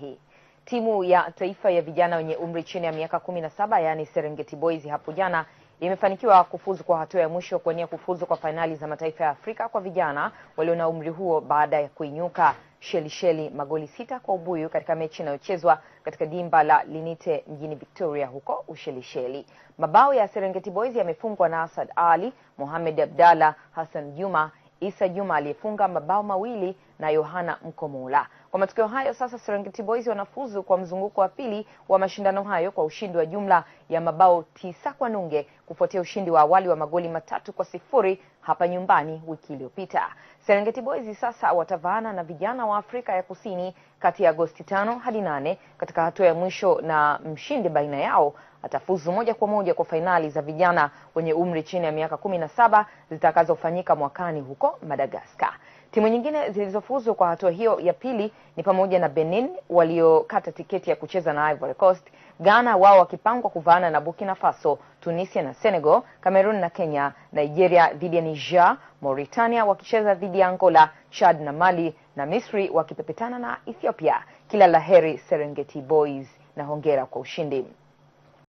sahihi. Timu ya taifa ya vijana wenye umri chini ya miaka 17 yaani Serengeti Boys hapo jana imefanikiwa kufuzu kwa hatua ya mwisho kuwania kufuzu kwa fainali za mataifa ya Afrika kwa vijana walio na umri huo baada ya kuinyuka Shelisheli magoli sita kwa ubuyu katika mechi inayochezwa katika dimba la Linite mjini Victoria huko Ushelisheli. Mabao ya Serengeti Boys yamefungwa na Asad Ali, Mohamed Abdalla, Hassan Juma, Isa Juma aliyefunga mabao mawili na Yohana Mkomola. Kwa matokeo hayo sasa Serengeti Boys wanafuzu kwa mzunguko wa pili wa mashindano hayo kwa ushindi wa jumla ya mabao tisa kwa nunge kufuatia ushindi wa awali wa magoli matatu kwa sifuri hapa nyumbani wiki iliyopita. Serengeti Boys sasa watavaana na vijana wa Afrika ya Kusini kati ya Agosti tano hadi nane katika hatua ya mwisho, na mshindi baina yao atafuzu moja kwa moja kwa fainali za vijana wenye umri chini ya miaka kumi na saba zitakazofanyika mwakani huko Madagaskar. Timu nyingine zilizofuzu kwa hatua hiyo ya pili ni pamoja na Benin waliokata tiketi ya kucheza na Ivory Coast, Ghana wao wakipangwa kuvaana na Burkina Faso, Tunisia na Senegal, Cameroon na Kenya, Nigeria dhidi ya Niger, Mauritania wakicheza dhidi ya Angola, Chad na Mali, na Misri wakipepetana na Ethiopia. Kila la heri Serengeti Boys na hongera kwa ushindi.